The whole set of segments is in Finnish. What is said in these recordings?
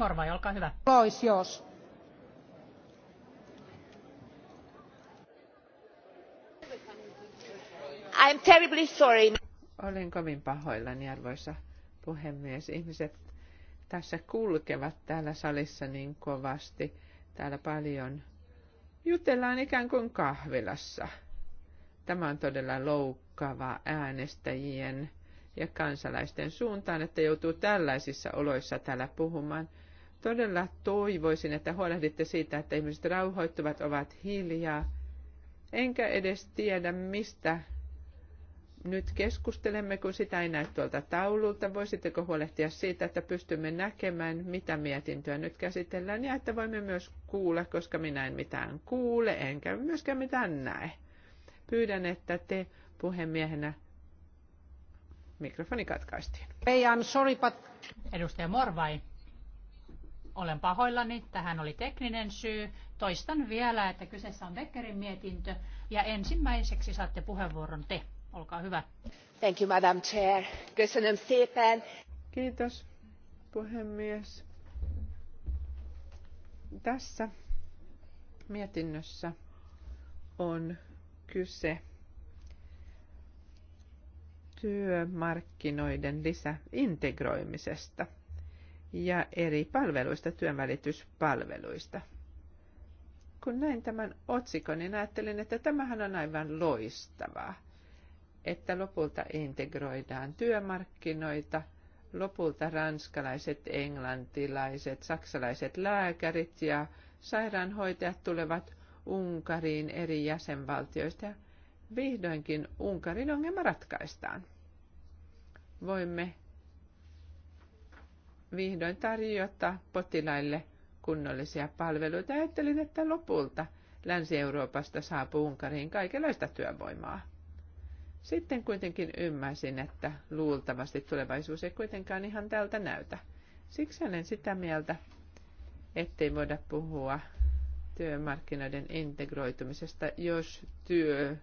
Morvai, olkaa hyvä. Lois, jos. I'm terribly sorry. Olen kovin pahoillani, arvoisa puhemies. Ihmiset tässä kulkevat täällä salissa niin kovasti. Täällä paljon jutellaan ikään kuin kahvilassa. Tämä on todella loukkaava äänestäjien ja kansalaisten suuntaan, että joutuu tällaisissa oloissa täällä puhumaan – Todella toivoisin, että huolehditte siitä, että ihmiset rauhoittuvat, ovat hiljaa. Enkä edes tiedä, mistä nyt keskustelemme, kun sitä ei näy tuolta taululta. Voisitteko huolehtia siitä, että pystymme näkemään, mitä mietintöä nyt käsitellään, ja että voimme myös kuulla, koska minä en mitään kuule, enkä myöskään mitään näe. Pyydän, että te puhemiehenä mikrofoni katkaistiin. Ei, I'm sorry, but... Edustaja Morvai. Olen pahoillani, tähän oli tekninen syy. Toistan vielä, että kyseessä on Beckerin mietintö ja ensimmäiseksi saatte puheenvuoron te. Olkaa hyvä. Thank you, Madam Chair. Kiitos, puhemies. Tässä mietinnössä on kyse työmarkkinoiden lisäintegroimisesta – ja eri palveluista, työnvälityspalveluista. Kun näin tämän otsikon, niin ajattelin, että tämähän on aivan loistavaa, että lopulta integroidaan työmarkkinoita, lopulta ranskalaiset, englantilaiset, saksalaiset lääkärit ja sairaanhoitajat tulevat Unkariin eri jäsenvaltioista ja vihdoinkin Unkarin ongelma ratkaistaan. Voimme vihdoin tarjota potilaille kunnollisia palveluita. Ajattelin, että lopulta Länsi-Euroopasta saapuu Unkariin kaikenlaista työvoimaa. Sitten kuitenkin ymmärsin, että luultavasti tulevaisuus ei kuitenkaan ihan tältä näytä. Siksi olen sitä mieltä, ettei voida puhua työmarkkinoiden integroitumisesta, jos työ,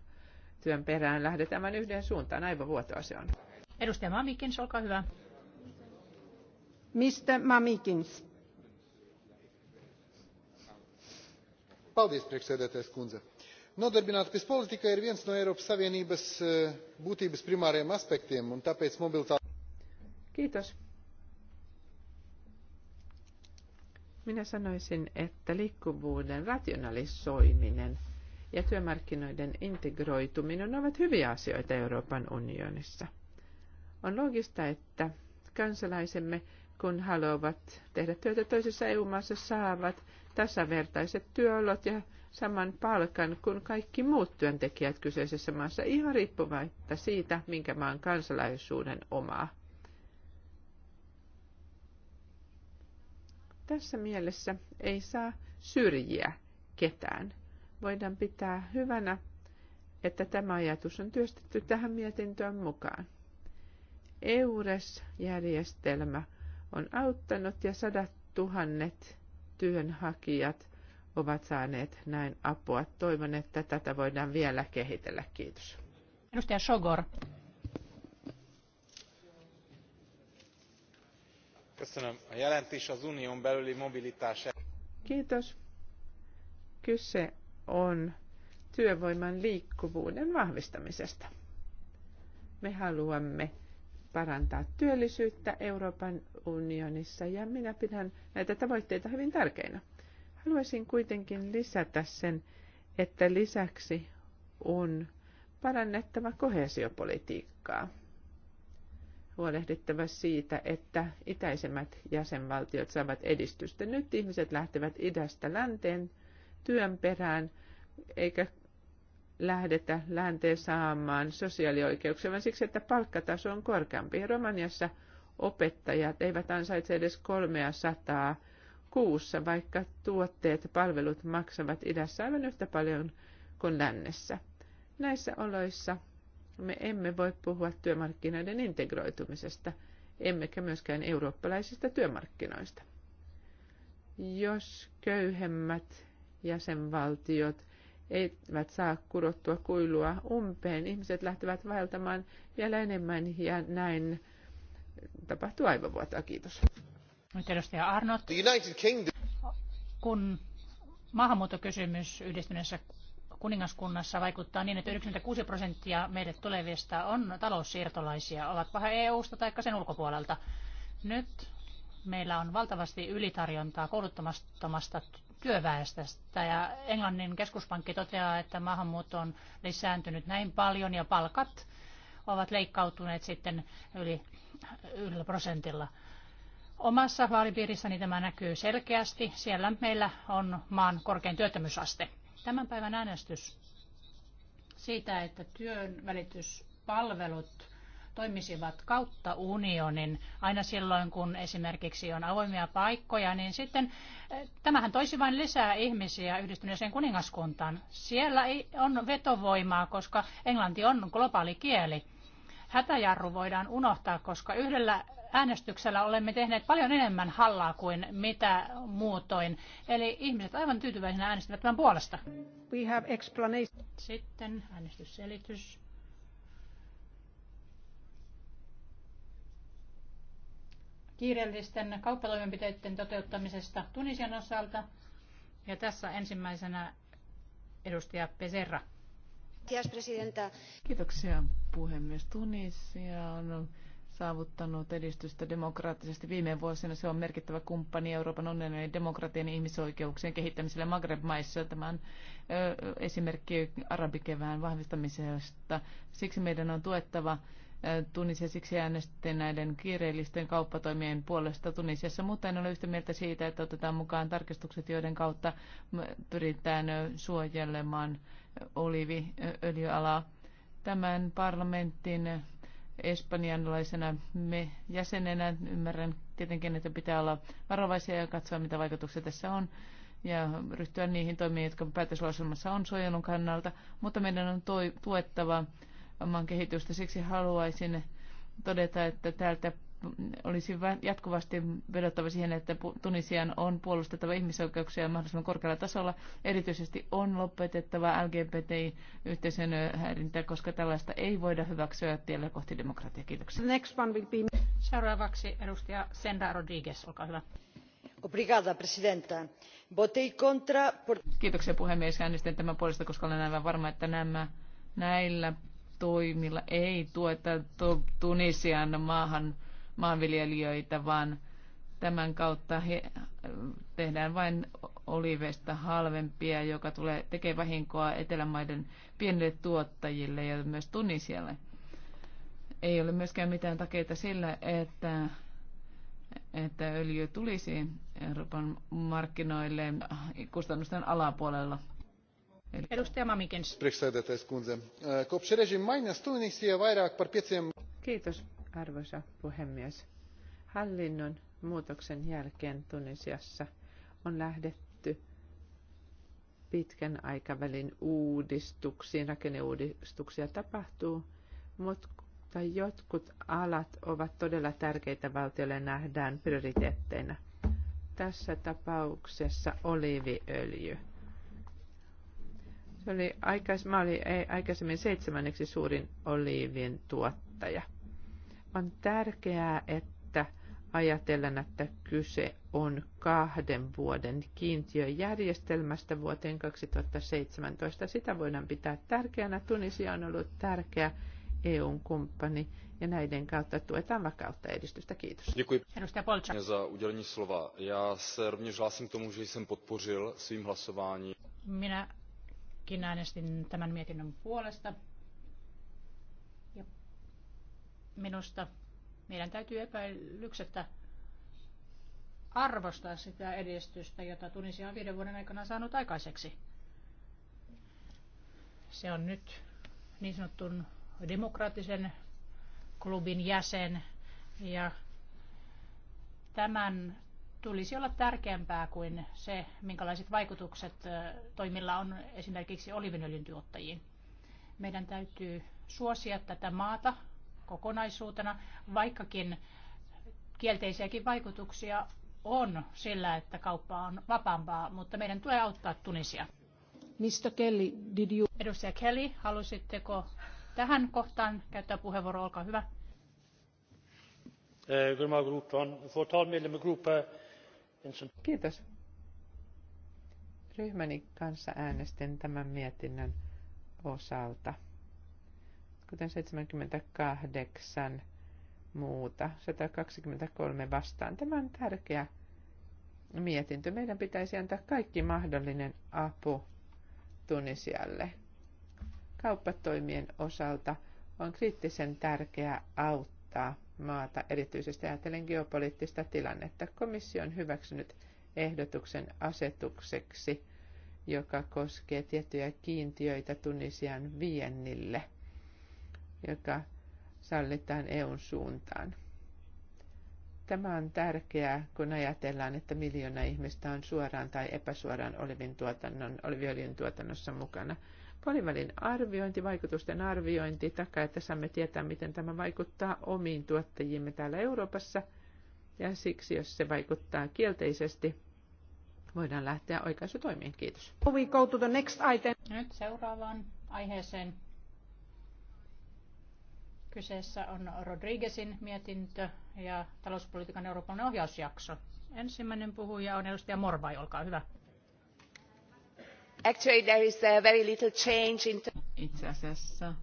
työn perään lähdetään vain yhden suuntaan. Aivovuotoa se on. Edustaja Mamikin, olkaa hyvä. Mr. Mamikins. Paldies, priekšsēdētājs kundze. Nodarbinātības politika ir viens no Eiropas Savienības eh, būtības primāriem aspektiem, un tāpēc mobilitāte. Kiitos. Minä sanoisin, että liikkuvuuden rationalisoiminen ja työmarkkinoiden integroituminen ovat hyviä asioita Euroopan unionissa. On loogista, että kansalaisemme, kun haluavat tehdä työtä toisessa EU-maassa, saavat tasavertaiset työolot ja saman palkan kuin kaikki muut työntekijät kyseisessä maassa, ihan riippumatta siitä, minkä maan kansalaisuuden omaa. Tässä mielessä ei saa syrjiä ketään. Voidaan pitää hyvänä, että tämä ajatus on työstetty tähän mietintöön mukaan. EURES-järjestelmä on auttanut ja sadat tuhannet työnhakijat ovat saaneet näin apua. Toivon, että tätä voidaan vielä kehitellä. Kiitos. Edustaja Sogor. Kiitos. Kyse on työvoiman liikkuvuuden vahvistamisesta. Me haluamme parantaa työllisyyttä Euroopan unionissa ja minä pidän näitä tavoitteita hyvin tärkeinä. Haluaisin kuitenkin lisätä sen, että lisäksi on parannettava kohesiopolitiikkaa. Huolehdittava siitä, että itäisemmät jäsenvaltiot saavat edistystä. Nyt ihmiset lähtevät idästä länteen työn perään, eikä lähdetä länteen saamaan sosiaalioikeuksia, vaan siksi, että palkkataso on korkeampi. Romaniassa opettajat eivät ansaitse edes 300 kuussa, vaikka tuotteet ja palvelut maksavat idässä aivan yhtä paljon kuin lännessä. Näissä oloissa me emme voi puhua työmarkkinoiden integroitumisesta, emmekä myöskään eurooppalaisista työmarkkinoista. Jos köyhemmät jäsenvaltiot eivät saa kurottua kuilua umpeen. Ihmiset lähtevät vaeltamaan vielä enemmän ja näin tapahtuu aivovuotoa. Kiitos. Nyt edustaja Arnott. Kun maahanmuuttokysymys yhdistyneessä kuningaskunnassa vaikuttaa niin, että 96 prosenttia meille tulevista on taloussiirtolaisia, ovatpa he EU-sta tai sen ulkopuolelta. Nyt meillä on valtavasti ylitarjontaa kouluttamattomasta työväestöstä. Ja Englannin keskuspankki toteaa, että maahanmuutto on lisääntynyt näin paljon ja palkat ovat leikkautuneet sitten yli, yllä prosentilla. Omassa vaalipiirissäni tämä näkyy selkeästi. Siellä meillä on maan korkein työttömyysaste. Tämän päivän äänestys siitä, että työn välityspalvelut toimisivat kautta unionin aina silloin, kun esimerkiksi on avoimia paikkoja, niin sitten eh, tämähän toisi vain lisää ihmisiä yhdistyneeseen kuningaskuntaan. Siellä on vetovoimaa, koska englanti on globaali kieli. Hätäjarru voidaan unohtaa, koska yhdellä äänestyksellä olemme tehneet paljon enemmän hallaa kuin mitä muutoin. Eli ihmiset aivan tyytyväisenä äänestivät tämän puolesta. We have explanation. Sitten äänestysselitys. kiireellisten kauppatoimenpiteiden toteuttamisesta Tunisian osalta. Ja tässä ensimmäisenä edustaja Peserra. Kiitoksia puhemies. Tunisia on saavuttanut edistystä demokraattisesti viime vuosina. Se on merkittävä kumppani Euroopan ja demokratian ja ihmisoikeuksien kehittämiselle Maghreb-maissa. Tämä on esimerkki arabikevään vahvistamisesta. Siksi meidän on tuettava tunisiasiksi siksi näiden kiireellisten kauppatoimien puolesta Tunisiassa, mutta en ole yhtä mieltä siitä, että otetaan mukaan tarkistukset, joiden kautta pyritään suojelemaan oliviöljyalaa. Tämän parlamentin espanjanlaisena me jäsenenä ymmärrän tietenkin, että pitää olla varovaisia ja katsoa, mitä vaikutuksia tässä on ja ryhtyä niihin toimiin, jotka päätöslauselmassa on suojelun kannalta, mutta meidän on toi, tuettava Oman kehitystä. Siksi haluaisin todeta, että täältä olisi jatkuvasti vedottava siihen, että Tunisian on puolustettava ihmisoikeuksia mahdollisimman korkealla tasolla. Erityisesti on lopetettava lgbt yhteisön häirintä, koska tällaista ei voida hyväksyä tiellä kohti demokratiaa. Kiitoksia. Next one will be... Seuraavaksi edustaja Senda Rodriguez, olkaa hyvä. Obrigada, presidenta. Votei contra... Kiitoksia puhemies. Äänestin tämän puolesta, koska olen aivan varma, että nämä, näillä toimilla ei tueta Tunisian maahan, maanviljelijöitä, vaan tämän kautta he, tehdään vain oliveista halvempia, joka tulee, tekee vahinkoa etelämaiden pienille tuottajille ja myös Tunisialle. Ei ole myöskään mitään takeita sillä, että, että öljy tulisi Euroopan markkinoille kustannusten alapuolella Edustaja Mamikins. Kiitos, arvoisa puhemies. Hallinnon muutoksen jälkeen Tunisiassa on lähdetty pitkän aikavälin uudistuksiin, rakenneuudistuksia tapahtuu, mutta jotkut alat ovat todella tärkeitä valtiolle nähdään prioriteetteina. Tässä tapauksessa oliiviöljy. Se oli aikais, mä olin aikaisemmin seitsemänneksi suurin oliivien tuottaja. On tärkeää, että ajatellen, että kyse on kahden vuoden kiintiöjärjestelmästä vuoteen 2017. Sitä voidaan pitää tärkeänä. Tunisia on ollut tärkeä eu kumppani ja näiden kautta tuetaan vakautta edistystä. Kiitos. Děkuji za udělení slova. Já se rovněž hlásím tomu, že jsem podpořil svým Minä itsekin äänestin tämän mietinnön puolesta. Ja minusta meidän täytyy epäilyksettä arvostaa sitä edistystä, jota Tunisia on viiden vuoden aikana saanut aikaiseksi. Se on nyt niin sanotun demokraattisen klubin jäsen ja tämän tulisi olla tärkeämpää kuin se, minkälaiset vaikutukset toimilla on esimerkiksi olivinöljyn tuottajiin. Meidän täytyy suosia tätä maata kokonaisuutena, vaikkakin kielteisiäkin vaikutuksia on sillä, että kauppa on vapaampaa, mutta meidän tulee auttaa Tunisia. Mr. Kelly, did you... Edustaja Kelly, halusitteko tähän kohtaan käyttää puheenvuoro? Olkaa hyvä. Eh, Kiitos. Ryhmäni kanssa äänestin tämän mietinnön osalta. Kuten 78 muuta, 123 vastaan. Tämä on tärkeä mietintö. Meidän pitäisi antaa kaikki mahdollinen apu Tunisialle. Kauppatoimien osalta on kriittisen tärkeää auttaa auttaa maata, erityisesti ajatellen geopoliittista tilannetta. Komissio on hyväksynyt ehdotuksen asetukseksi, joka koskee tiettyjä kiintiöitä Tunisian viennille, joka sallitaan EUn suuntaan. Tämä on tärkeää, kun ajatellaan, että miljoona ihmistä on suoraan tai epäsuoraan olivin tuotannon, oliviöljyn tuotannossa mukana – Puolivälin arviointi, vaikutusten arviointi, takaa, että saamme tietää, miten tämä vaikuttaa omiin tuottajiimme täällä Euroopassa. Ja siksi, jos se vaikuttaa kielteisesti, voidaan lähteä oikaisutoimiin. Kiitos. We go to the next item. Nyt seuraavaan aiheeseen. Kyseessä on Rodriguezin mietintö ja talouspolitiikan Euroopan ohjausjakso. Ensimmäinen puhuja on edustaja Morvai, olkaa hyvä. Actually, there is uh, very little change in... Itse asiassa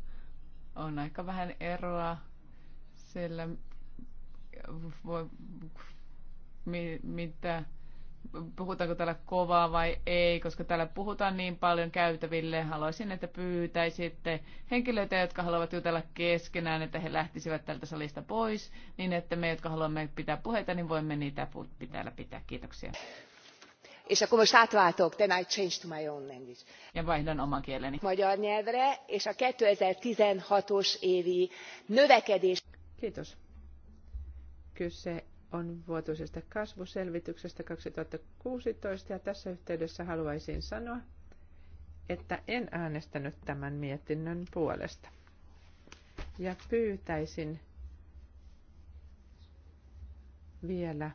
on aika vähän eroa, sillä voi, mi, mitä, puhutaanko täällä kovaa vai ei, koska täällä puhutaan niin paljon käytäville. Haluaisin, että pyytäisitte henkilöitä, jotka haluavat jutella keskenään, että he lähtisivät tältä salista pois, niin että me, jotka haluamme pitää puheita, niin voimme niitä täällä pitää. Kiitoksia és akkor most átváltok then i change to my own language magyar nyelvre és a two thousand and sixteen os évi növekedés. kiitos kyse on vuotuisesta kasvuselvityksestä 2016 ja tässä yhteydessä haluaisin sanoa, että en äänestänyt tämän mietinnön puolesta. Ja pyytäisin vielä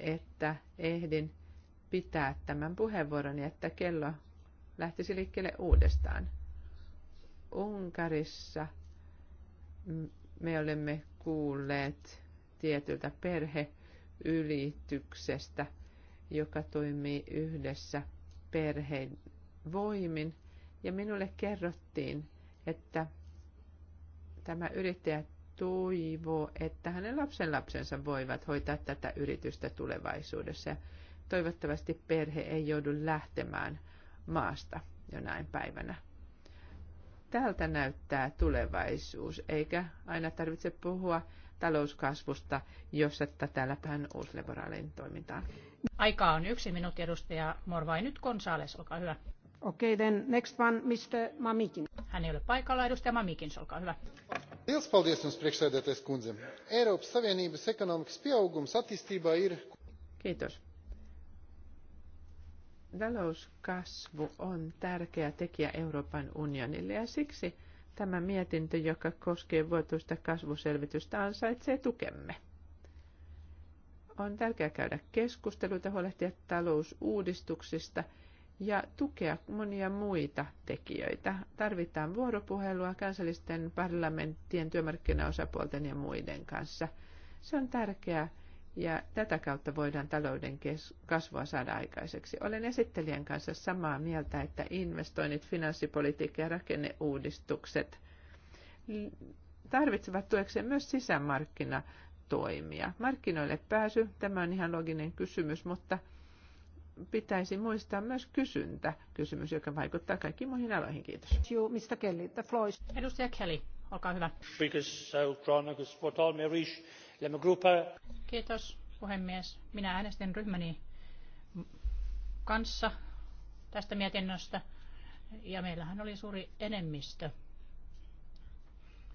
että ehdin pitää tämän puheenvuoron, että kello lähtisi liikkeelle uudestaan. Unkarissa me olemme kuulleet tietyltä perheylityksestä, joka toimii yhdessä perheen voimin. Ja minulle kerrottiin, että tämä yrittäjä toivoo, että hänen lapsenlapsensa voivat hoitaa tätä yritystä tulevaisuudessa. Toivottavasti perhe ei joudu lähtemään maasta näin päivänä. Tältä näyttää tulevaisuus, eikä aina tarvitse puhua talouskasvusta, jos että täällä päin uusliberaalin toimintaan. Aika on yksi minuutti, edustaja Morvai. Nyt Gonzales, olkaa hyvä. Okei, okay, then next one, Mr. Mamikin. Hän ei ole paikalla, edustaja Mamikin, olkaa hyvä. Paldies, kundze. Eiropas Savienības ekonomikas pieaugums attīstībā ir... Kiitos. Talouskasvu on tärkeä tekijä Euroopan unionille ja siksi tämä mietintö, joka koskee vuotuista kasvuselvitystä, ansaitsee tukemme. On tärkeää käydä keskusteluita, huolehtia talousuudistuksista – ja tukea monia muita tekijöitä. Tarvitaan vuoropuhelua kansallisten parlamenttien, työmarkkinaosapuolten ja muiden kanssa. Se on tärkeää ja tätä kautta voidaan talouden kasvua saada aikaiseksi. Olen esittelijän kanssa samaa mieltä, että investoinnit, finanssipolitiikka ja rakenneuudistukset tarvitsevat tuekseen myös sisämarkkinatoimia. Markkinoille pääsy, tämä on ihan loginen kysymys, mutta – pitäisi muistaa myös kysyntä, kysymys, joka vaikuttaa kaikkiin muihin aloihin. Kiitos. Joo, mistä Kelly, the floor. Edustaja Kelly, olkaa hyvä. Kiitos puhemies. Minä äänestin ryhmäni kanssa tästä mietinnöstä ja meillähän oli suuri enemmistö.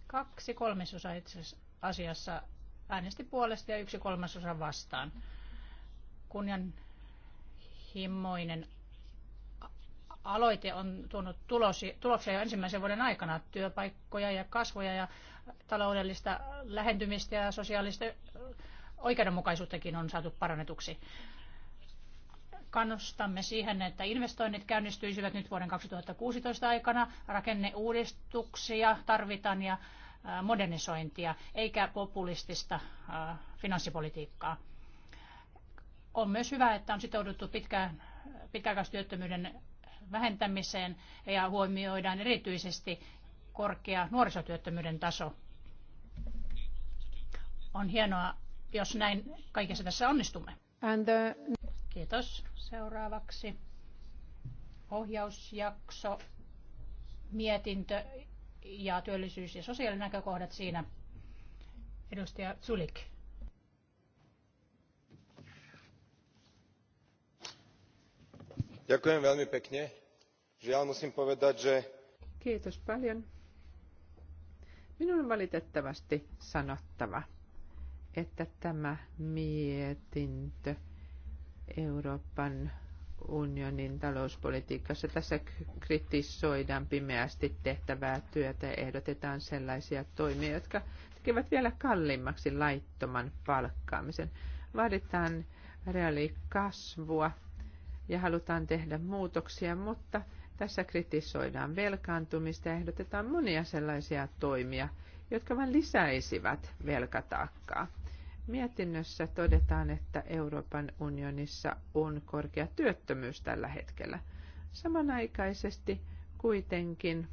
Kaksi kolmasosa itse asiassa äänesti puolesta ja yksi kolmasosa vastaan. Kunnian kunnianhimoinen aloite on tuonut tulosi, tuloksia jo ensimmäisen vuoden aikana työpaikkoja ja kasvoja ja taloudellista lähentymistä ja sosiaalista oikeudenmukaisuuttakin on saatu parannetuksi. Kannustamme siihen, että investoinnit käynnistyisivät nyt vuoden 2016 aikana. Rakenneuudistuksia tarvitaan ja modernisointia, eikä populistista finanssipolitiikkaa. On myös hyvä, että on sitouduttu pitkään, pitkäaikaistyöttömyyden vähentämiseen ja huomioidaan erityisesti korkea nuorisotyöttömyyden taso. On hienoa, jos näin kaikessa tässä onnistumme. And the... Kiitos. Seuraavaksi ohjausjakso, mietintö ja työllisyys- ja sosiaalinäkökohdat siinä. Edustaja Zulik. žiaľ musím povedať že. kiitos paljon. minun on valitettavasti sanottava että tämä mietintö Euroopan unionin talouspolitiikassa. Tässä kritisoidaan pimeästi tehtävää työtä ja ehdotetaan sellaisia toimia, jotka tekevät vielä kalliimmaksi laittoman palkkaamisen. Vaaditaan reaalikasvua ja halutaan tehdä muutoksia, mutta tässä kritisoidaan velkaantumista ja ehdotetaan monia sellaisia toimia, jotka vain lisäisivät velkataakkaa. Mietinnössä todetaan, että Euroopan unionissa on korkea työttömyys tällä hetkellä. Samanaikaisesti kuitenkin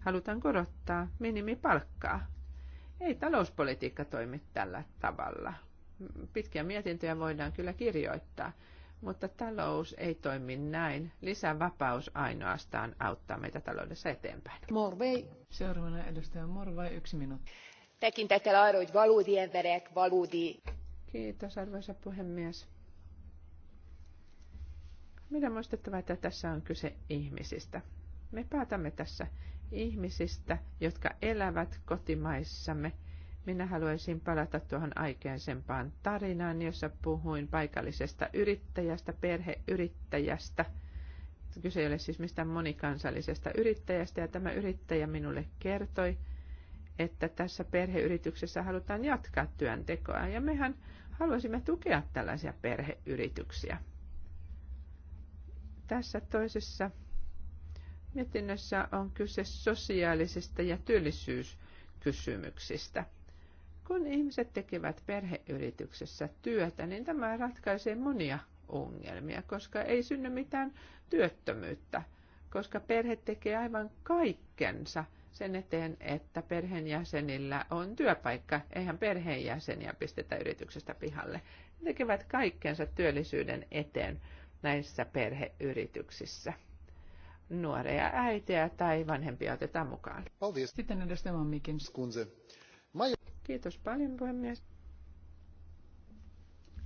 halutaan korottaa minimipalkkaa. Ei talouspolitiikka toimi tällä tavalla. Pitkiä mietintöjä voidaan kyllä kirjoittaa mutta talous ei toimi näin. Lisävapaus ainoastaan auttaa meitä taloudessa eteenpäin. Morvei. Seuraavana edustaja Morvai, yksi minuutti. Tekintetellä arvoa, että valuudi. emberek, valudi. Kiitos arvoisa puhemies. Meidän muistettava, että tässä on kyse ihmisistä. Me päätämme tässä ihmisistä, jotka elävät kotimaissamme – minä haluaisin palata tuohon aikaisempaan tarinaan, jossa puhuin paikallisesta yrittäjästä, perheyrittäjästä. Kyse ei ole siis mistään monikansallisesta yrittäjästä, ja tämä yrittäjä minulle kertoi, että tässä perheyrityksessä halutaan jatkaa työntekoa, ja mehän haluaisimme tukea tällaisia perheyrityksiä. Tässä toisessa mietinnössä on kyse sosiaalisista ja työllisyyskysymyksistä – kun ihmiset tekevät perheyrityksessä työtä, niin tämä ratkaisee monia ongelmia, koska ei synny mitään työttömyyttä, koska perhe tekee aivan kaikkensa sen eteen, että perheenjäsenillä on työpaikka. Eihän perheenjäseniä pistetä yrityksestä pihalle. Ne tekevät kaikkensa työllisyyden eteen näissä perheyrityksissä. Nuoreja äitejä tai vanhempia otetaan mukaan. Sitten edes mikin. Kiitos paljon puhemies.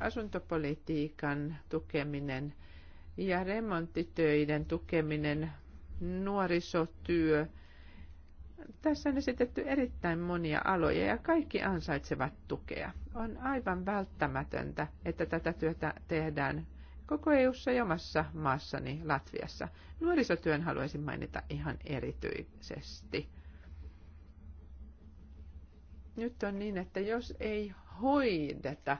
Asuntopolitiikan tukeminen ja remonttitöiden tukeminen, nuorisotyö. Tässä on esitetty erittäin monia aloja ja kaikki ansaitsevat tukea. On aivan välttämätöntä, että tätä työtä tehdään koko EU-ssa ja omassa maassani Latviassa. Nuorisotyön haluaisin mainita ihan erityisesti. Nyt on niin, että jos ei hoideta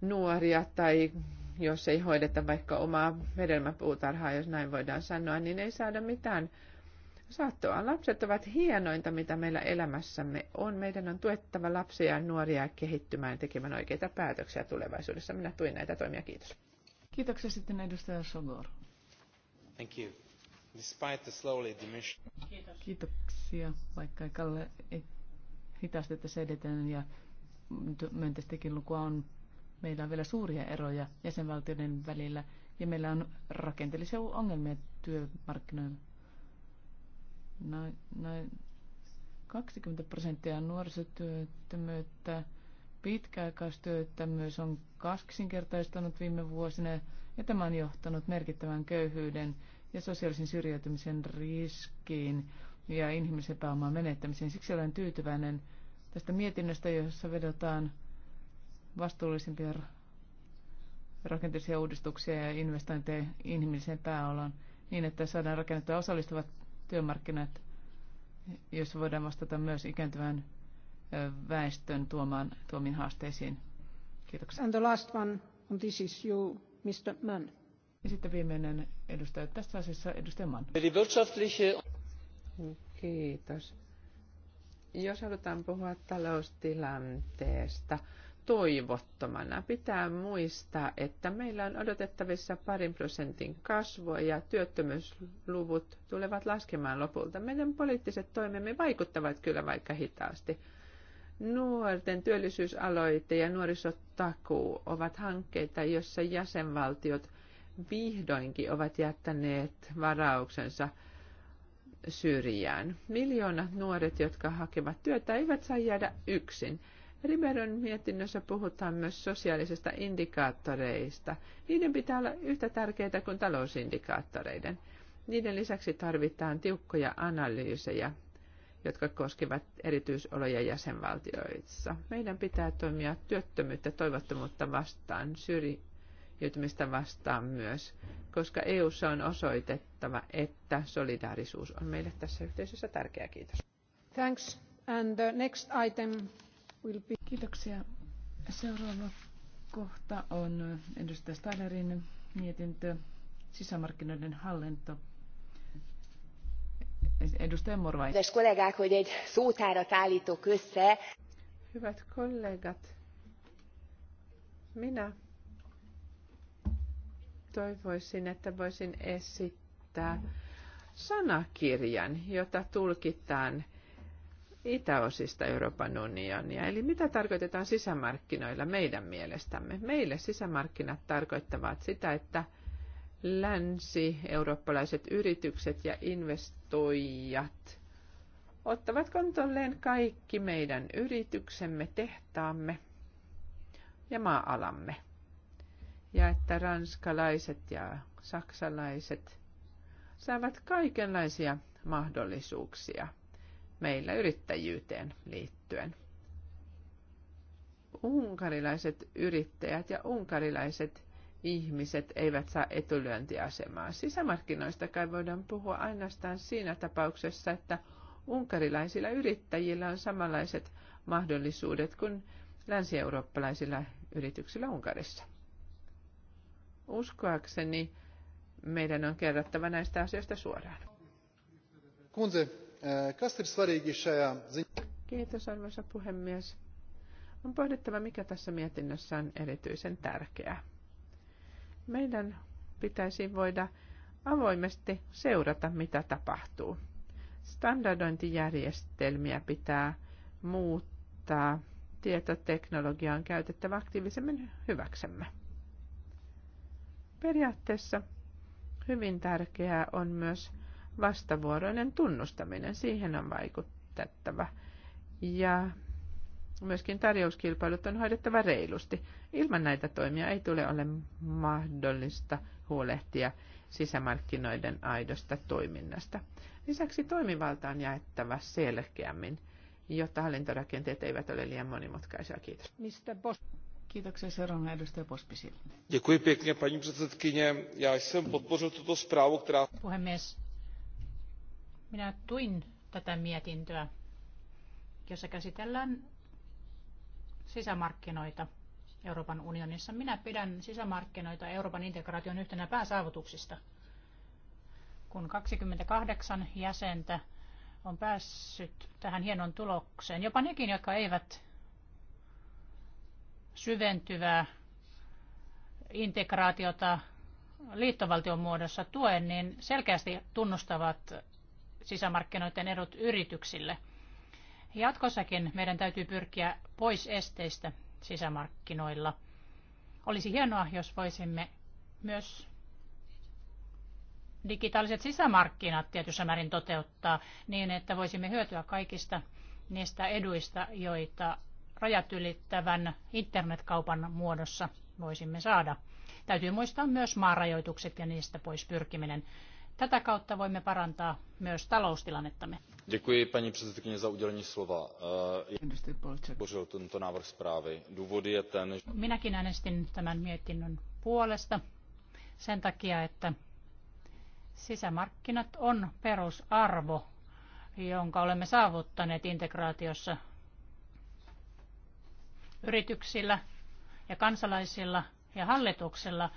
nuoria tai jos ei hoideta vaikka omaa vedelmäpuutarhaa, jos näin voidaan sanoa, niin ei saada mitään saattoa. Lapset ovat hienointa, mitä meillä elämässämme on. Meidän on tuettava lapsia ja nuoria kehittymään tekemään oikeita päätöksiä tulevaisuudessa. Minä tuin näitä toimia. Kiitos. Kiitoksia sitten edustaja Sogor. Thank you. Despite the slowly diminishing... Kiitoksia. Vaikka hitaasti tässä edetään ja myönteistäkin lukua on. Meillä on vielä suuria eroja jäsenvaltioiden välillä ja meillä on rakenteellisia ongelmia työmarkkinoilla. Noin, noin 20 prosenttia nuorisotyöttömyyttä, pitkäaikaistyöttömyys on kaksinkertaistunut viime vuosina ja tämä on johtanut merkittävän köyhyyden ja sosiaalisen syrjäytymisen riskiin ja ihmisen pääoman menettämiseen. Siksi olen tyytyväinen tästä mietinnöstä, jossa vedotaan vastuullisimpia rakenteellisia uudistuksia ja investointeja inhimilliseen pääolaan niin, että saadaan rakennettua osallistuvat työmarkkinat, joissa voidaan vastata myös ikääntyvän väestön tuomaan, tuomiin haasteisiin. Kiitoksia. And the last one, and this is you, Mr. Mann. Ja sitten viimeinen edustaja tässä asiassa, edustaja Mann. Mm, kiitos. Jos halutaan puhua taloustilanteesta toivottomana, pitää muistaa, että meillä on odotettavissa parin prosentin kasvua ja työttömyysluvut tulevat laskemaan lopulta. Meidän poliittiset toimemme vaikuttavat kyllä vaikka hitaasti. Nuorten työllisyysaloite ja nuorisotakuu ovat hankkeita, joissa jäsenvaltiot vihdoinkin ovat jättäneet varauksensa – syrjään. Miljoonat nuoret, jotka hakevat työtä, eivät saa jäädä yksin. Riberon mietinnössä puhutaan myös sosiaalisista indikaattoreista. Niiden pitää olla yhtä tärkeitä kuin talousindikaattoreiden. Niiden lisäksi tarvitaan tiukkoja analyysejä, jotka koskevat erityisoloja jäsenvaltioissa. Meidän pitää toimia työttömyyttä toivottomuutta vastaan, syrjään joutumista vastaan myös, koska EU:ssa on osoitettava, että solidaarisuus on meille tässä yhteisössä tärkeä. Kiitos. Thanks. And the next item will be... Kiitoksia. Seuraava kohta on edustaja Stalerin mietintö sisämarkkinoiden hallinto. Edustaja Morvai. Hyvät kollegat, minä toivoisin, että voisin esittää sanakirjan, jota tulkitaan itäosista Euroopan unionia. Eli mitä tarkoitetaan sisämarkkinoilla meidän mielestämme? Meille sisämarkkinat tarkoittavat sitä, että länsi-eurooppalaiset yritykset ja investoijat ottavat kontolleen kaikki meidän yrityksemme, tehtaamme ja maa-alamme ja että ranskalaiset ja saksalaiset saavat kaikenlaisia mahdollisuuksia meillä yrittäjyyteen liittyen. Unkarilaiset yrittäjät ja unkarilaiset ihmiset eivät saa etulyöntiasemaa. Sisämarkkinoista kai voidaan puhua ainoastaan siinä tapauksessa, että unkarilaisilla yrittäjillä on samanlaiset mahdollisuudet kuin länsi-eurooppalaisilla yrityksillä Unkarissa. Uskoakseni meidän on kerrottava näistä asioista suoraan. Kunze, eh, Kiitos arvoisa puhemies. On pohdittava, mikä tässä mietinnössä on erityisen tärkeää. Meidän pitäisi voida avoimesti seurata, mitä tapahtuu. Standardointijärjestelmiä pitää muuttaa. Tietoteknologia on käytettävä aktiivisemmin hyväksemme. Periaatteessa hyvin tärkeää on myös vastavuoroinen tunnustaminen. Siihen on vaikutettava. Ja myöskin tarjouskilpailut on hoidettava reilusti. Ilman näitä toimia ei tule ole mahdollista huolehtia sisämarkkinoiden aidosta toiminnasta. Lisäksi toimivalta on jaettava selkeämmin, jotta hallintorakenteet eivät ole liian monimutkaisia. Kiitos. Bos- Kiitoksia seuraavana edustaja Pospisil. Děkuji pěkně, paní předsedkyně. Já jsem podpořil tuto zprávu, která... Puhemies, minä tuin tätä mietintöä, jossa käsitellään sisämarkkinoita Euroopan unionissa. Minä pidän sisämarkkinoita Euroopan integraation yhtenä pääsaavutuksista. Kun 28 jäsentä on päässyt tähän hienon tulokseen, jopa nekin, jotka eivät syventyvää integraatiota liittovaltion muodossa tuen, niin selkeästi tunnustavat sisämarkkinoiden edut yrityksille. Jatkossakin meidän täytyy pyrkiä pois esteistä sisämarkkinoilla. Olisi hienoa, jos voisimme myös digitaaliset sisämarkkinat tietyssä määrin toteuttaa niin, että voisimme hyötyä kaikista niistä eduista, joita rajat ylittävän internetkaupan muodossa voisimme saada. Täytyy muistaa myös maarajoitukset ja niistä pois pyrkiminen. Tätä kautta voimme parantaa myös taloustilannettamme. Děkuji paní předsedkyně za udělení slova. Eh, Podpořil tento návrh zprávy. je ten, Minäkin äänestin tämän mietinnön puolesta sen takia, että sisämarkkinat on perusarvo, jonka olemme saavuttaneet integraatiossa yrityksillä ja kansalaisilla ja hallituksella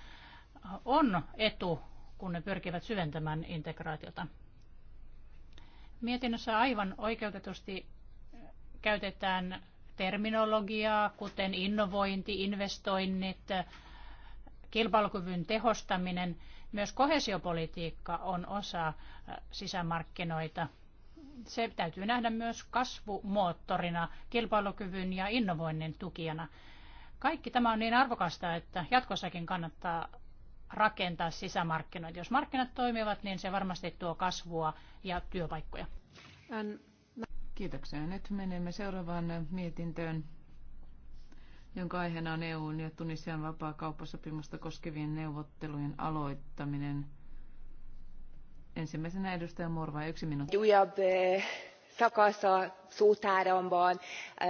on etu, kun ne pyrkivät syventämään integraatiota. Mietinnössä aivan oikeutetusti käytetään terminologiaa, kuten innovointi, investoinnit, kilpailukyvyn tehostaminen. Myös kohesiopolitiikka on osa sisämarkkinoita – se täytyy nähdä myös kasvumoottorina, kilpailukyvyn ja innovoinnin tukijana. Kaikki tämä on niin arvokasta, että jatkossakin kannattaa rakentaa sisämarkkinoita. Jos markkinat toimivat, niin se varmasti tuo kasvua ja työpaikkoja. Kiitoksia. Nyt menemme seuraavaan mietintöön, jonka aiheena on EUn ja Tunisian vapaa kauppasopimusta koskevien neuvottelujen aloittaminen – Ensimmäisenä edustaja Morva, yksi minuutti. Újabb szakasz a szótáramban,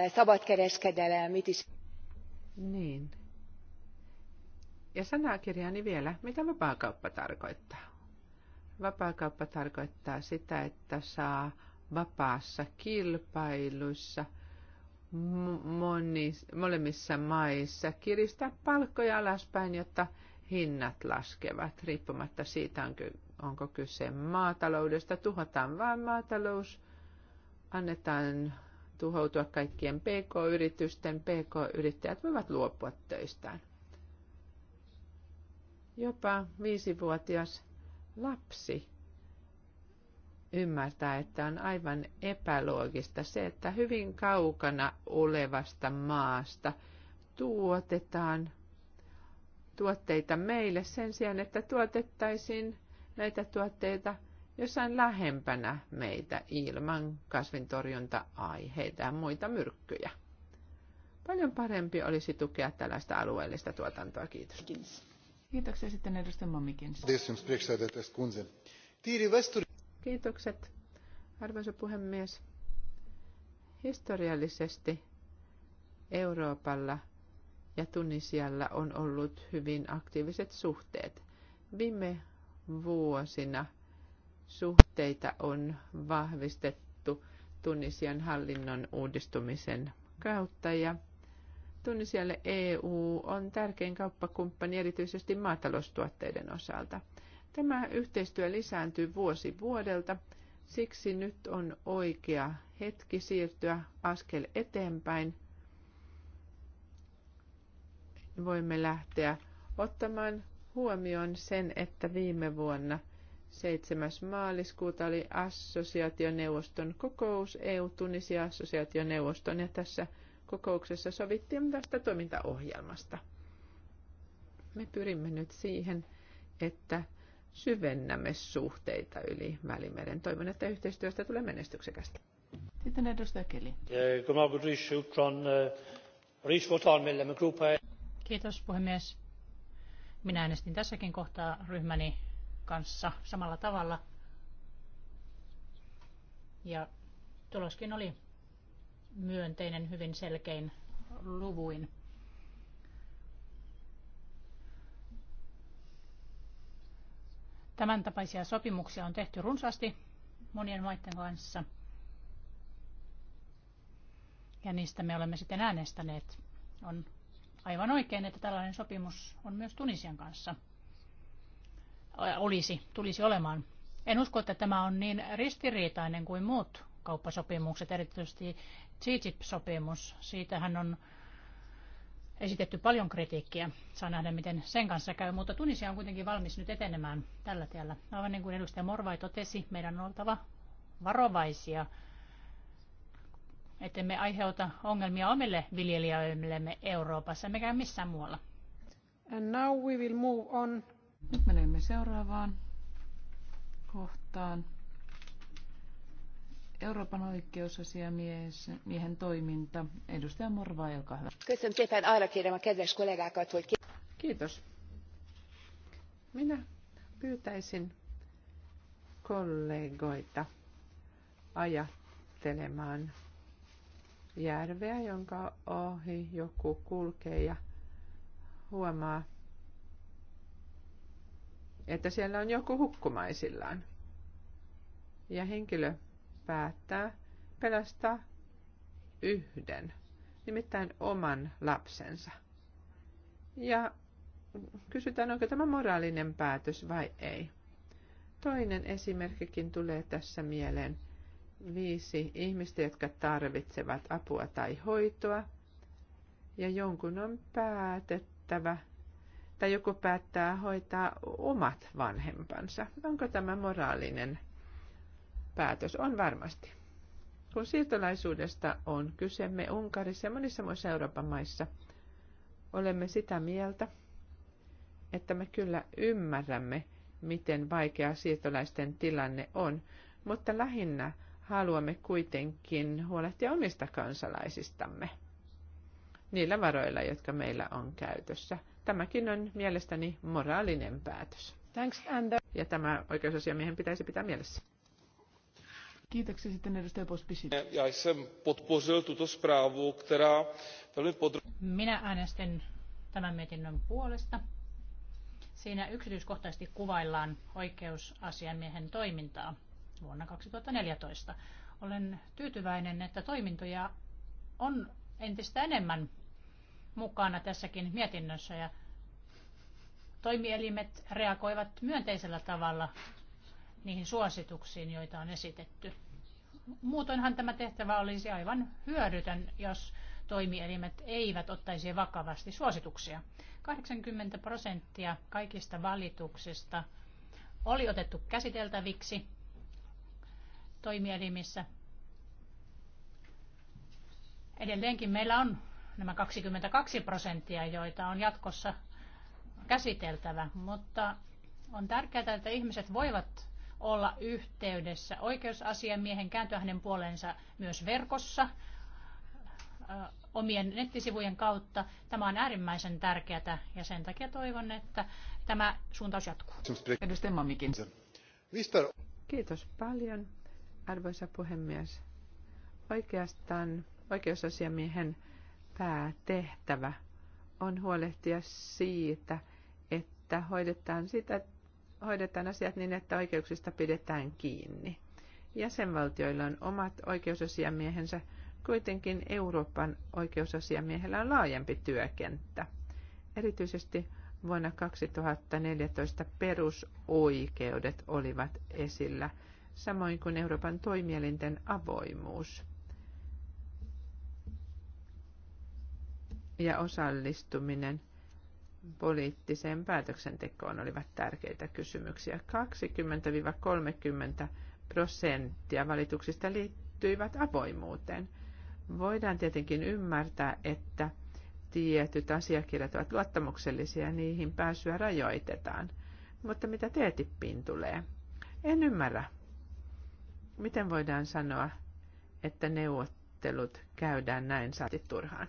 szabadkereskedelem, mit is... Niin. Ja sanakirjani vielä, mitä vapaakauppa tarkoittaa? Vapaakauppa tarkoittaa sitä, että saa vapaassa kilpailussa monis, molemmissa maissa kiristää palkkoja alaspäin, jotta hinnat laskevat, riippumatta siitä, onko onko kyse maataloudesta, tuhotaan vain maatalous, annetaan tuhoutua kaikkien pk-yritysten, pk-yrittäjät voivat luopua töistään. Jopa viisivuotias lapsi ymmärtää, että on aivan epäloogista se, että hyvin kaukana olevasta maasta tuotetaan tuotteita meille sen sijaan, että tuotettaisiin näitä tuotteita jossain lähempänä meitä ilman kasvintorjunta-aiheita ja muita myrkkyjä. Paljon parempi olisi tukea tällaista alueellista tuotantoa. Kiitos. Kiitoksia sitten edustaja Mamikins. Kiitokset, arvoisa puhemies. Historiallisesti Euroopalla ja Tunisialla on ollut hyvin aktiiviset suhteet. Viime vuosina suhteita on vahvistettu Tunisian hallinnon uudistumisen kautta ja Tunisialle EU on tärkein kauppakumppani erityisesti maataloustuotteiden osalta. Tämä yhteistyö lisääntyy vuosi vuodelta, siksi nyt on oikea hetki siirtyä askel eteenpäin. Voimme lähteä ottamaan huomioon sen, että viime vuonna 7. maaliskuuta oli assosiaationeuvoston kokous, EU-Tunisia assosiaationeuvoston, ja tässä kokouksessa sovittiin tästä toimintaohjelmasta. Me pyrimme nyt siihen, että syvennämme suhteita yli Välimeren. Toivon, että yhteistyöstä tulee menestyksekästä. Sitten edustaja Keli. Kiitos puhemies. Minä äänestin tässäkin kohtaa ryhmäni kanssa samalla tavalla. Ja tuloskin oli myönteinen, hyvin selkein luvuin. Tämän tapaisia sopimuksia on tehty runsaasti monien maiden kanssa. Ja niistä me olemme sitten äänestäneet. On aivan oikein, että tällainen sopimus on myös Tunisian kanssa. Olisi, tulisi olemaan. En usko, että tämä on niin ristiriitainen kuin muut kauppasopimukset, erityisesti TTIP-sopimus. Siitähän on esitetty paljon kritiikkiä. Saa nähdä, miten sen kanssa käy, mutta Tunisia on kuitenkin valmis nyt etenemään tällä tiellä. Aivan niin kuin edustaja Morvai totesi, meidän on oltava varovaisia – että me aiheuta ongelmia omille viljelijöillemme Euroopassa, mekään missään muualla. And now we will move on. Nyt menemme seuraavaan kohtaan. Euroopan oikeusasiamies miehen toiminta. Edustaja Morva, joka hyvä. kedves hogy... Kiitos. Minä pyytäisin kollegoita ajattelemaan järveä, jonka ohi joku kulkee ja huomaa, että siellä on joku hukkumaisillaan. Ja henkilö päättää pelastaa yhden, nimittäin oman lapsensa. Ja kysytään, onko tämä moraalinen päätös vai ei. Toinen esimerkkikin tulee tässä mieleen – viisi ihmistä, jotka tarvitsevat apua tai hoitoa, ja jonkun on päätettävä, tai joku päättää hoitaa omat vanhempansa. Onko tämä moraalinen päätös? On varmasti. Kun siirtolaisuudesta on kyse, me Unkarissa ja monissa muissa Euroopan maissa olemme sitä mieltä, että me kyllä ymmärrämme, miten vaikea siirtolaisten tilanne on, mutta lähinnä haluamme kuitenkin huolehtia omista kansalaisistamme niillä varoilla, jotka meillä on käytössä. Tämäkin on mielestäni moraalinen päätös. Thanks, Ander. Ja tämä oikeusasiamiehen pitäisi pitää mielessä. Kiitoksia sitten edustaja Pospisit. Ja jsem podpořil tuto zprávu, která velmi podro... Minä äänestin tämän mietinnön puolesta. Siinä yksityiskohtaisesti kuvaillaan oikeusasiamiehen toimintaa vuonna 2014. Olen tyytyväinen, että toimintoja on entistä enemmän mukana tässäkin mietinnössä ja toimielimet reagoivat myönteisellä tavalla niihin suosituksiin, joita on esitetty. Muutoinhan tämä tehtävä olisi aivan hyödytön, jos toimielimet eivät ottaisi vakavasti suosituksia. 80 prosenttia kaikista valituksista oli otettu käsiteltäviksi toimielimissä. Edelleenkin meillä on nämä 22 prosenttia, joita on jatkossa käsiteltävä, mutta on tärkeää, että ihmiset voivat olla yhteydessä oikeusasiamiehen, kääntyä hänen puoleensa myös verkossa, omien nettisivujen kautta. Tämä on äärimmäisen tärkeää ja sen takia toivon, että tämä suuntaus jatkuu. Kiitos paljon. Arvoisa puhemies, oikeastaan oikeusasiamiehen päätehtävä on huolehtia siitä, että hoidetaan, sitä, hoidetaan asiat niin, että oikeuksista pidetään kiinni. Jäsenvaltioilla on omat oikeusasiamiehensä, kuitenkin Euroopan oikeusasiamiehellä on laajempi työkenttä. Erityisesti vuonna 2014 perusoikeudet olivat esillä – samoin kuin Euroopan toimielinten avoimuus ja osallistuminen poliittiseen päätöksentekoon olivat tärkeitä kysymyksiä. 20-30 prosenttia valituksista liittyivät avoimuuteen. Voidaan tietenkin ymmärtää, että tietyt asiakirjat ovat luottamuksellisia ja niihin pääsyä rajoitetaan. Mutta mitä teetippiin tulee? En ymmärrä, Miten voidaan sanoa, että neuvottelut käydään näin saati turhaan?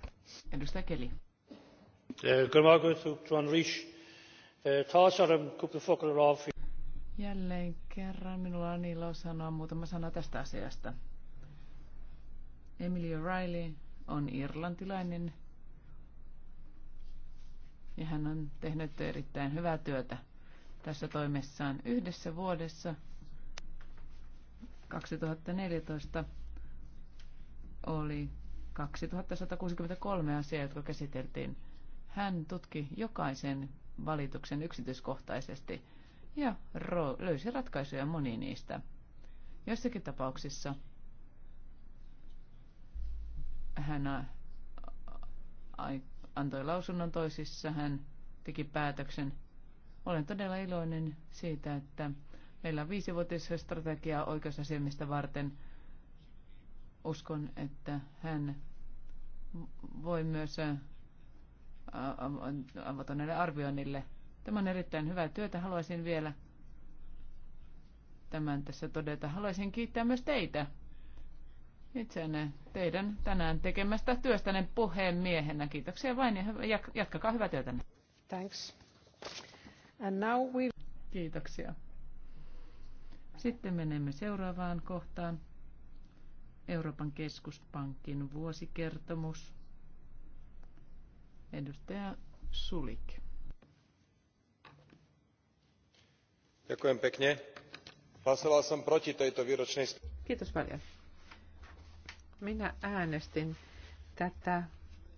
Edustaja Keli. Eh, eh, Jälleen kerran minulla on ilo sanoa muutama sana tästä asiasta. Emily O'Reilly on irlantilainen ja hän on tehnyt erittäin hyvää työtä tässä toimessaan yhdessä vuodessa – 2014 oli 2163 asiaa, jotka käsiteltiin. Hän tutki jokaisen valituksen yksityiskohtaisesti ja löysi ratkaisuja moniin niistä. Joissakin tapauksissa hän antoi lausunnon toisissa, hän teki päätöksen. Olen todella iloinen siitä, että Meillä on viisivuotisen strategia oikeusasiamista varten. Uskon, että hän voi myös avata näille arvioinnille. Tämä on erittäin hyvää työtä. Haluaisin vielä tämän tässä todeta. Haluaisin kiittää myös teitä Itse teidän tänään tekemästä työstänne puheenmiehenä. Kiitoksia vain ja jatkakaa hyvää työtänne. Thanks. And now we... Kiitoksia. Sitten menemme seuraavaan kohtaan. Euroopan keskuspankin vuosikertomus. Edustaja Sulik. Ďakujem pekne. Hlasoval som proti tejto výročnej... Kiitos paljon. Minä äänestin tätä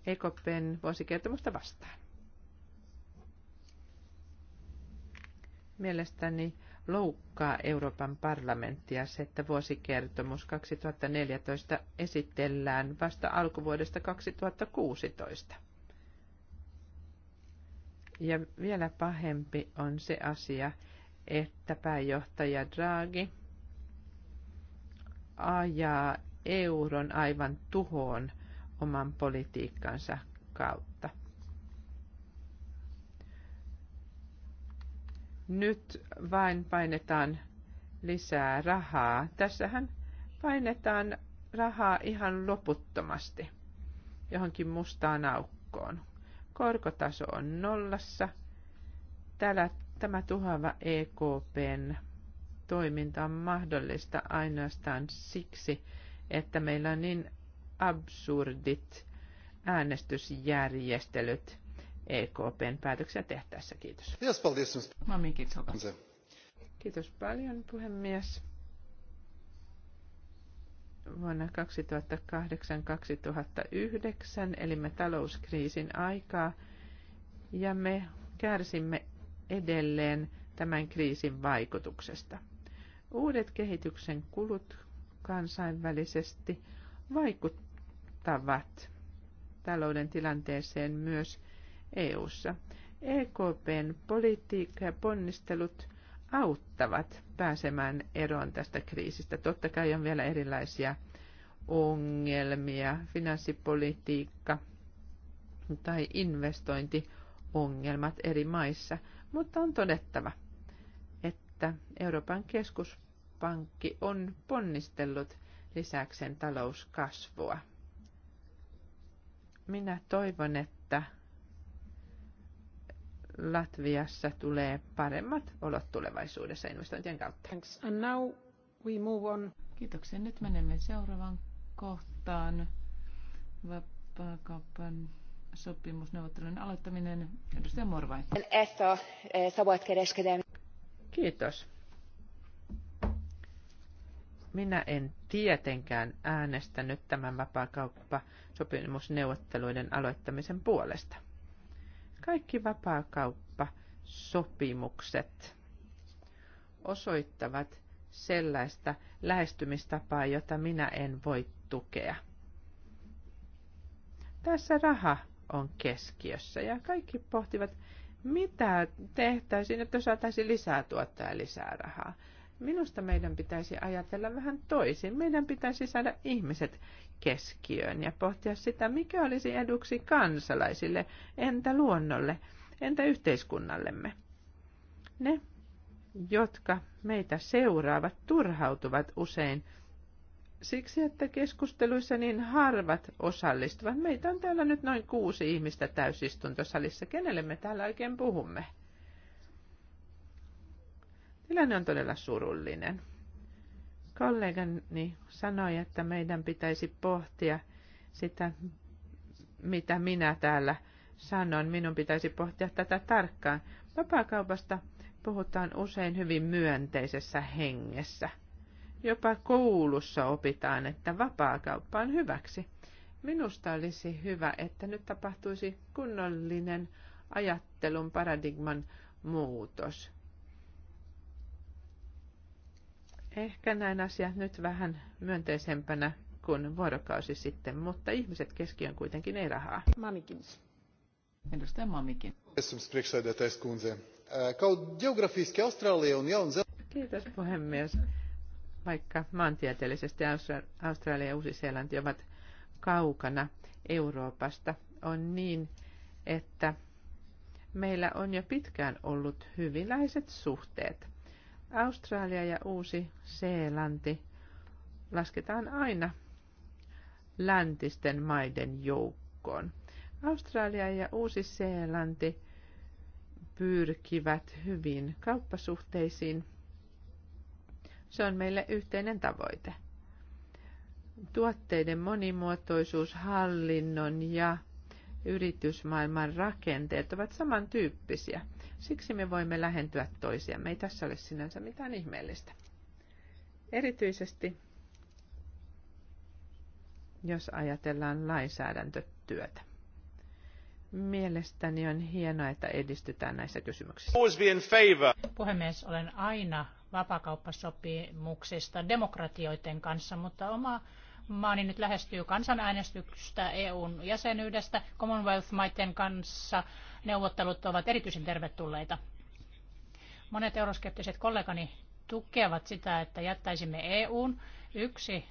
EKPn vuosikertomusta vastaan. Mielestäni loukkaa Euroopan parlamenttia se, että vuosikertomus 2014 esitellään vasta alkuvuodesta 2016. Ja vielä pahempi on se asia, että pääjohtaja Draghi ajaa euron aivan tuhoon oman politiikkansa kautta. nyt vain painetaan lisää rahaa. Tässähän painetaan rahaa ihan loputtomasti johonkin mustaan aukkoon. Korkotaso on nollassa. Täällä tämä tuhava EKPn toiminta on mahdollista ainoastaan siksi, että meillä on niin absurdit äänestysjärjestelyt – EKPn päätöksiä tehtäessä. Kiitos. Mami, kiitos. Kiitos paljon, puhemies. Vuonna 2008-2009 elimme talouskriisin aikaa ja me kärsimme edelleen tämän kriisin vaikutuksesta. Uudet kehityksen kulut kansainvälisesti vaikuttavat talouden tilanteeseen myös – EU:ssa. EKPn politiikka ja ponnistelut auttavat pääsemään eroon tästä kriisistä. Totta kai on vielä erilaisia ongelmia, finanssipolitiikka tai investointiongelmat eri maissa, mutta on todettava, että Euroopan keskuspankki on ponnistellut lisäksen talouskasvua. Minä toivon, että Latviassa tulee paremmat olot tulevaisuudessa investointien kautta. Thanks. And now we move on. Kiitoksia. Nyt menemme seuraavaan kohtaan. Vapaakaupan sopimusneuvottelujen aloittaminen. Edustaja Morvai. Eh, Kiitos. Minä en tietenkään äänestänyt tämän vapaakauppasopimusneuvotteluiden aloittamisen puolesta kaikki vapaakauppasopimukset osoittavat sellaista lähestymistapaa, jota minä en voi tukea. Tässä raha on keskiössä ja kaikki pohtivat, mitä tehtäisiin, että saataisiin lisää tuottaa ja lisää rahaa. Minusta meidän pitäisi ajatella vähän toisin. Meidän pitäisi saada ihmiset keskiöön ja pohtia sitä, mikä olisi eduksi kansalaisille, entä luonnolle, entä yhteiskunnallemme. Ne, jotka meitä seuraavat, turhautuvat usein siksi, että keskusteluissa niin harvat osallistuvat. Meitä on täällä nyt noin kuusi ihmistä täysistuntosalissa. Kenelle me täällä oikein puhumme? Tilanne on todella surullinen. Kollegani sanoi, että meidän pitäisi pohtia sitä, mitä minä täällä sanon. Minun pitäisi pohtia tätä tarkkaan. Vapaakaupasta puhutaan usein hyvin myönteisessä hengessä. Jopa koulussa opitaan, että vapaakauppa on hyväksi. Minusta olisi hyvä, että nyt tapahtuisi kunnollinen ajattelun paradigman muutos. Ehkä näin asia nyt vähän myönteisempänä kuin vuorokausi sitten, mutta ihmiset keskiön kuitenkin ei rahaa. Mamikins. Edustaja Mamikin. Kiitos puhemies. Vaikka maantieteellisesti Australia ja Uusi-Seelanti ovat kaukana Euroopasta, on niin, että meillä on jo pitkään ollut hyviläiset suhteet. Australia ja Uusi-Seelanti lasketaan aina läntisten maiden joukkoon. Australia ja Uusi-Seelanti pyrkivät hyvin kauppasuhteisiin. Se on meille yhteinen tavoite. Tuotteiden monimuotoisuus, hallinnon ja yritysmaailman rakenteet ovat samantyyppisiä. Siksi me voimme lähentyä Me Ei tässä ole sinänsä mitään ihmeellistä. Erityisesti jos ajatellaan lainsäädäntötyötä. Mielestäni on hienoa, että edistytään näissä kysymyksissä. Puhemies, olen aina vapakauppasopimuksista demokratioiden kanssa, mutta oma maani nyt lähestyy kansanäänestyksestä EUn jäsenyydestä Commonwealth-maiden kanssa neuvottelut ovat erityisen tervetulleita. Monet euroskeptiset kollegani tukevat sitä, että jättäisimme EUn. Yksi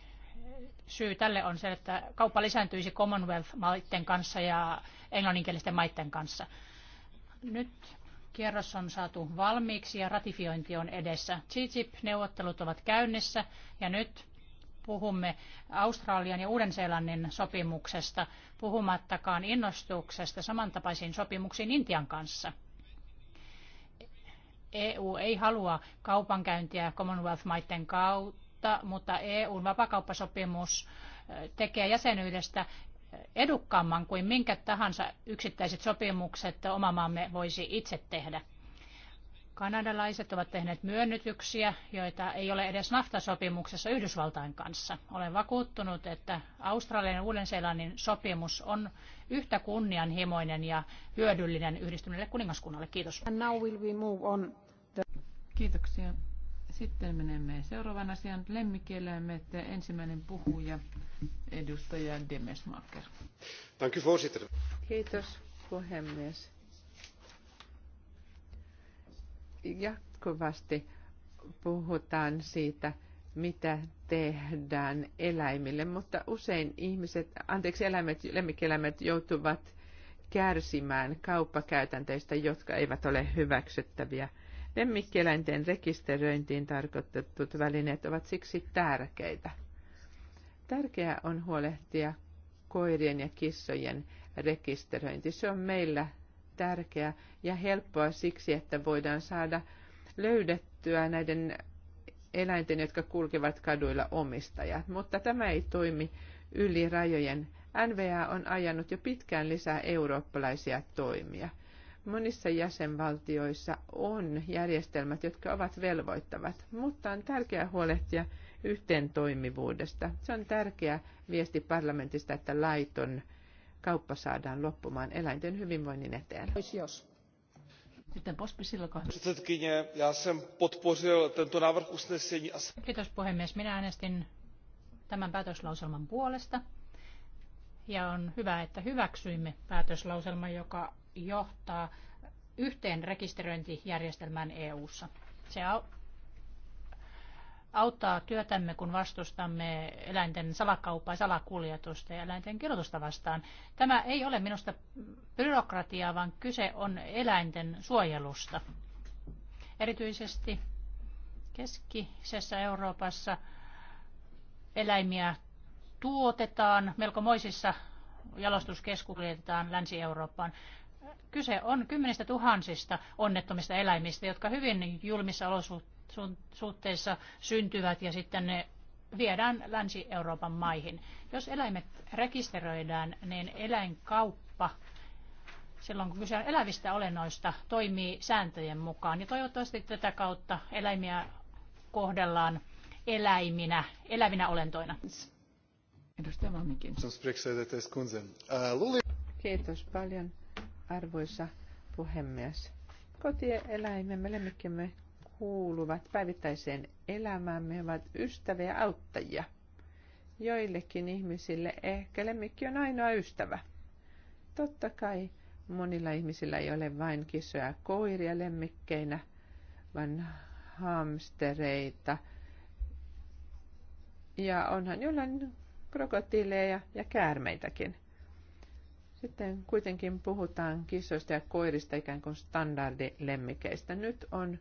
syy tälle on se, että kauppa lisääntyisi Commonwealth-maiden kanssa ja englanninkielisten maiden kanssa. Nyt kierros on saatu valmiiksi ja ratifiointi on edessä. TTIP-neuvottelut ovat käynnissä ja nyt puhumme Australian ja Uuden-Seelannin sopimuksesta, puhumattakaan innostuksesta samantapaisiin sopimuksiin Intian kanssa. EU ei halua kaupankäyntiä Commonwealth-maiden kautta, mutta EUn vapakauppasopimus tekee jäsenyydestä edukkaamman kuin minkä tahansa yksittäiset sopimukset oma maamme voisi itse tehdä. Kanadalaiset ovat tehneet myönnytyksiä, joita ei ole edes NAFTA-sopimuksessa Yhdysvaltain kanssa. Olen vakuuttunut, että Australian ja Uuden-Seelannin sopimus on yhtä kunnianhimoinen ja hyödyllinen yhdistyneelle kuningaskunnalle. Kiitos. And now will we move on the... Kiitoksia. Sitten menemme seuraavan asian lemmikieleemme, että ensimmäinen puhuja, edustaja Demesmaker. Kiitos puhemies jatkuvasti puhutaan siitä, mitä tehdään eläimille, mutta usein ihmiset, anteeksi, eläimet, lemmikkieläimet joutuvat kärsimään kauppakäytänteistä, jotka eivät ole hyväksyttäviä. Lemmikkieläinten rekisteröintiin tarkoitetut välineet ovat siksi tärkeitä. Tärkeää on huolehtia koirien ja kissojen rekisteröinti. Se on meillä tärkeä ja helppoa siksi, että voidaan saada löydettyä näiden eläinten, jotka kulkevat kaduilla omistajat. Mutta tämä ei toimi yli rajojen. NVA on ajanut jo pitkään lisää eurooppalaisia toimia. Monissa jäsenvaltioissa on järjestelmät, jotka ovat velvoittavat, mutta on tärkeää huolehtia yhteen toimivuudesta. Se on tärkeä viesti parlamentista, että laiton kauppa saadaan loppumaan eläinten hyvinvoinnin eteen. Sitten Pospisil, Předsedkyně, tento Kiitos puhemies. Minä äänestin tämän päätöslauselman puolesta. Ja on hyvä, että hyväksyimme päätöslauselman, joka johtaa yhteen rekisteröintijärjestelmään EU-ssa. Se auttaa työtämme, kun vastustamme eläinten salakauppaa, salakuljetusta ja eläinten kirjoitusta vastaan. Tämä ei ole minusta byrokratiaa, vaan kyse on eläinten suojelusta. Erityisesti keskisessä Euroopassa eläimiä tuotetaan melko moisissa jalostuskeskuksissa Länsi-Eurooppaan. Kyse on kymmenistä tuhansista onnettomista eläimistä, jotka hyvin julmissa olosuhteissa suhteessa syntyvät ja sitten ne viedään Länsi-Euroopan maihin. Jos eläimet rekisteröidään, niin eläinkauppa silloin kun kyse on elävistä olennoista, toimii sääntöjen mukaan. Ja toivottavasti tätä kautta eläimiä kohdellaan eläiminä, elävinä olentoina. Edustaja Malmikin. Kiitos paljon, arvoisa puhemies. Kotieläimemme, lemmikkimme kuuluvat päivittäiseen elämäämme, ovat ystäviä ja auttajia. Joillekin ihmisille ehkä lemmikki on ainoa ystävä. Totta kai monilla ihmisillä ei ole vain kissoja koiria lemmikkeinä, vaan hamstereita. Ja onhan jollain krokotiileja ja käärmeitäkin. Sitten kuitenkin puhutaan kissoista ja koirista ikään kuin standardilemmikeistä. Nyt on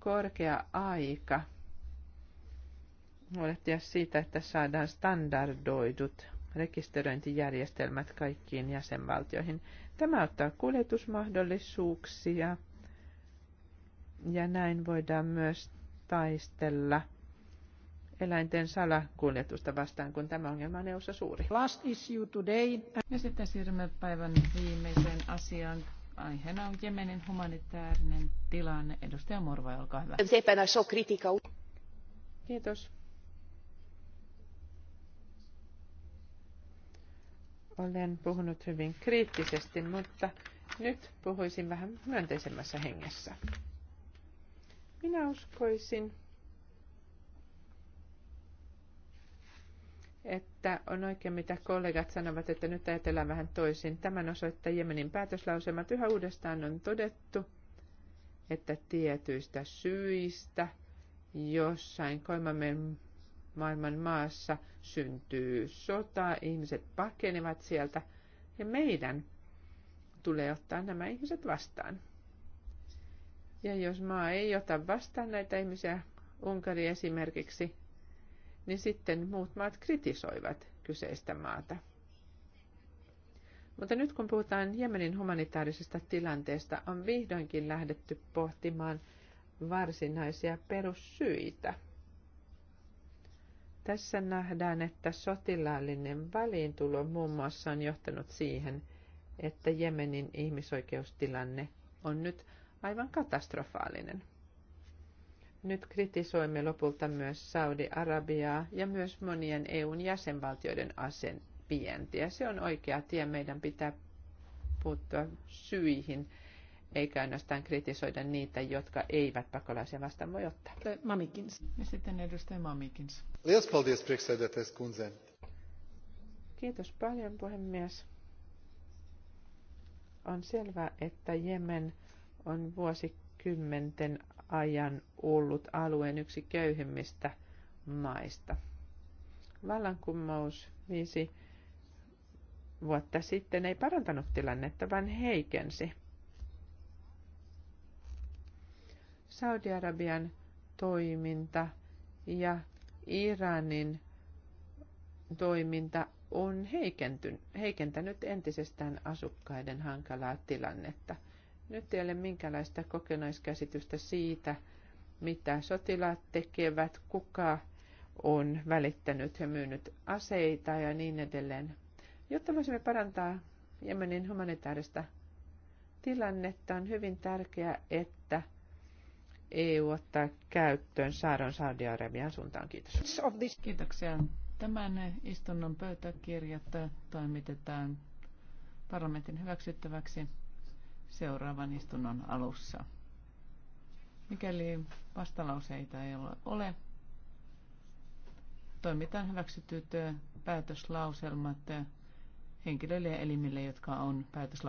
korkea aika huolehtia siitä, että saadaan standardoidut rekisteröintijärjestelmät kaikkiin jäsenvaltioihin. Tämä ottaa kuljetusmahdollisuuksia ja näin voidaan myös taistella eläinten salakuljetusta vastaan, kun tämä ongelma on EUssa suuri. Last issue today. Ja sitten siirrymme päivän viimeiseen asiaan. Aiheena on Jemenin humanitaarinen tilanne. Edustaja Morva, olkaa hyvä. Kiitos. Olen puhunut hyvin kriittisesti, mutta nyt puhuisin vähän myönteisemmässä hengessä. Minä uskoisin, että on oikein, mitä kollegat sanovat, että nyt ajatellaan vähän toisin. Tämän osoittaa Jemenin päätöslauselmat. Yhä uudestaan on todettu, että tietyistä syistä jossain kolmannen maailman maassa syntyy sota, ihmiset pakenevat sieltä ja meidän tulee ottaa nämä ihmiset vastaan. Ja jos maa ei ota vastaan näitä ihmisiä, Unkari esimerkiksi, niin sitten muut maat kritisoivat kyseistä maata. Mutta nyt kun puhutaan Jemenin humanitaarisesta tilanteesta, on vihdoinkin lähdetty pohtimaan varsinaisia perussyitä. Tässä nähdään, että sotilaallinen väliintulo muun muassa on johtanut siihen, että Jemenin ihmisoikeustilanne on nyt aivan katastrofaalinen. Nyt kritisoimme lopulta myös Saudi-Arabiaa ja myös monien EUn jäsenvaltioiden asen vientiä. Se on oikea tie. Meidän pitää puuttua syihin, eikä ainoastaan kritisoida niitä, jotka eivät pakolaisia vastaan voi ottaa. Mamikins. Ja sitten edustaja Mamikins. Kiitos paljon, puhemies. On selvää, että Jemen on vuosikymmenten ajan ollut alueen yksi köyhimmistä maista. Vallankumous viisi vuotta sitten ei parantanut tilannetta, vaan heikensi. Saudi-Arabian toiminta ja Iranin toiminta on heikentänyt entisestään asukkaiden hankalaa tilannetta – nyt ei ole minkäänlaista kokonaiskäsitystä siitä, mitä sotilaat tekevät, kuka on välittänyt ja myynyt aseita ja niin edelleen. Jotta voisimme parantaa Jemenin humanitaarista tilannetta, on hyvin tärkeää, että EU ottaa käyttöön saaron Saudi-Arabian suuntaan. Kiitos. Kiitoksia. Tämän istunnon pöytäkirjat toimitetaan parlamentin hyväksyttäväksi seuraavan istunnon alussa. Mikäli vastalauseita ei ole, toimitaan hyväksytyt päätöslauselmat henkilöille ja elimille, jotka on päätöslauselmat.